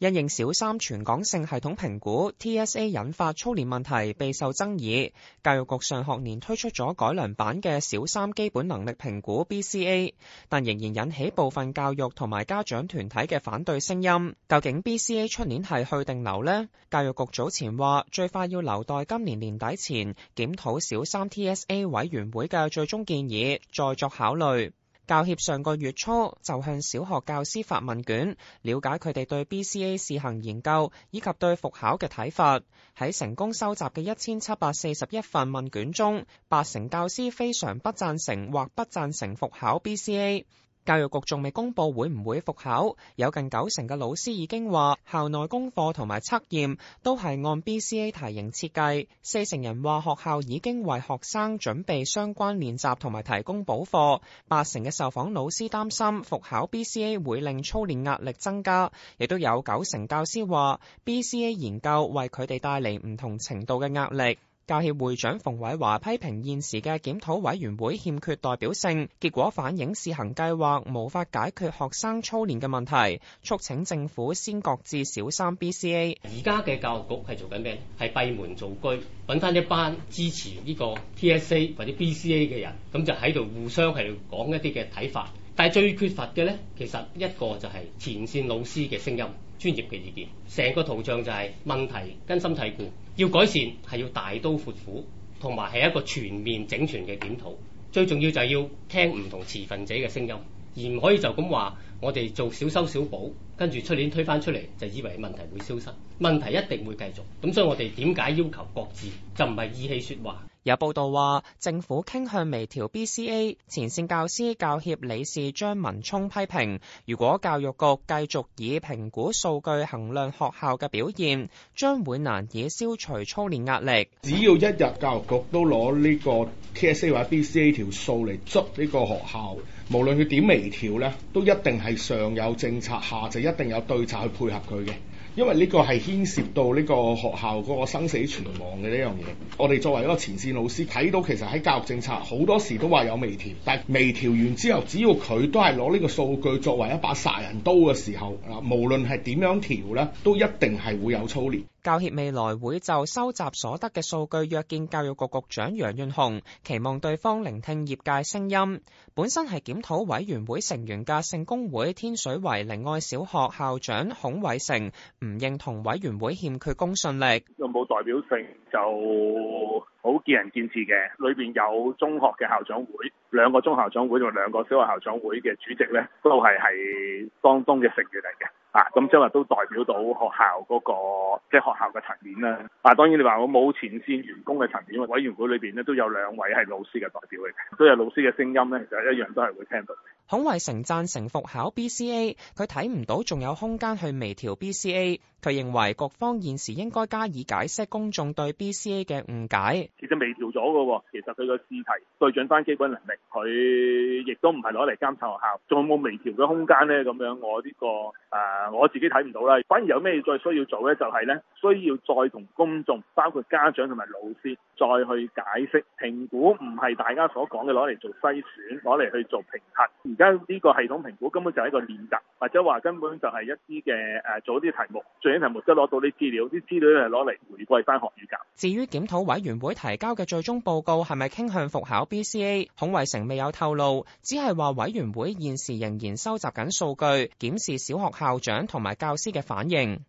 因應小三全港性系統評估 （TSA） 引發操練問題備受爭議，教育局上學年推出咗改良版嘅小三基本能力評估 （BCA），但仍然引起部分教育同埋家長團體嘅反對聲音。究竟 BCA 出年係去定留呢？教育局早前話最快要留待今年年底前檢討小三 TSA 委員會嘅最終建議，再作考慮。教協上個月初就向小學教師發問卷，了解佢哋對 B C A 試行研究以及對復考嘅睇法。喺成功收集嘅一千七百四十一份問卷中，八成教師非常不贊成或不贊成復考 B C A。教育局仲未公布會唔會復考，有近九成嘅老師已經話校內功課同埋測驗都係按 B C A 題型設計。四成人話學校已經為學生準備相關練習同埋提供補課。八成嘅受訪老師擔心復考 B C A 會令操練壓力增加，亦都有九成教師話 B C A 研究為佢哋帶嚟唔同程度嘅壓力。教協會長馮偉華批評現時嘅檢討委員會欠缺代表性，結果反映試行計劃無法解決學生操練嘅問題，促請政府先擱置小三 BCA。而家嘅教育局係做緊咩？係閉門造車，搵返一班支持呢個 TSA 或者 BCA 嘅人，咁就喺度互相係講一啲嘅睇法。但係最缺乏嘅咧，其實一個就係前線老師嘅聲音。專業嘅意見，成個圖像就係問題根深蒂固，要改善係要大刀闊斧，同埋係一個全面整全嘅檢討。最重要就係要聽唔同持份者嘅聲音，而唔可以就咁話我哋做小修小補，跟住出年推翻出嚟就以為問題會消失，問題一定會繼續。咁所以我哋點解要求擱置，就唔係意氣説話。有報道話，政府傾向微調 B C A，前線教師教協理事張文聰批評，如果教育局繼續以評估數據衡量學校嘅表現，將會難以消除操練壓力。只要一日教育局，都攞呢個 T S A 或者 B C A 條數嚟捉呢個學校，無論佢點微調咧，都一定係上有政策下，下就一定有對策去配合佢嘅。因為呢個係牽涉到呢個學校個生死存亡嘅呢樣嘢，我哋作為一個前線老師，睇到其實喺教育政策好多時都話有微調，但係微調完之後，只要佢都係攞呢個數據作為一把殺人刀嘅時候，嗱，無論係點樣調呢，都一定係會有操練。教協未來會就收集所得嘅數據約見教育局局長楊潤雄，期望對方聆聽業界聲音。本身係檢討委員會成員嘅聖公會天水圍靈愛小學校長孔偉成，唔認同委員會欠缺公信力，又冇代表性，就好見仁見智嘅。裏邊有中學嘅校長會，兩個中學校長會同兩個小學校長會嘅主席咧，都係係當中嘅成員嚟嘅。咁即係都代表到學校嗰個，即係學校嘅層面啦。啊，當然你話我冇前線員工嘅層面，因為委員會裏邊咧都有兩位係老師嘅代表嘅，都有老師嘅聲音咧，就一樣都係會聽到。孔偉成贊成復考 B C A，佢睇唔到仲有空間去微調 B C A。佢認為各方現時應該加以解釋公眾對 B C A 嘅誤解其。其實微調咗嘅，其實佢個試題對準翻基本能力，佢亦都唔係攞嚟監察學校，仲有冇微調嘅空間呢？咁樣我呢、這個誒、呃、我自己睇唔到啦。反而有咩再需要做咧？就係、是、咧需要再同公眾，包括家長同埋老師，再去解釋評估，唔係大家所講嘅攞嚟做篩選，攞嚟去做評核。而家呢個系統評估根本就係一個練習，或者話根本就係一啲嘅誒做啲題目，做一啲題目即係攞到啲資料，啲資料係攞嚟回歸翻學語教。至於檢討委員會提交嘅最終報告係咪傾向復考 BCA？孔偉成未有透露，只係話委員會現時仍然收集緊數據，檢視小學校長同埋教師嘅反應。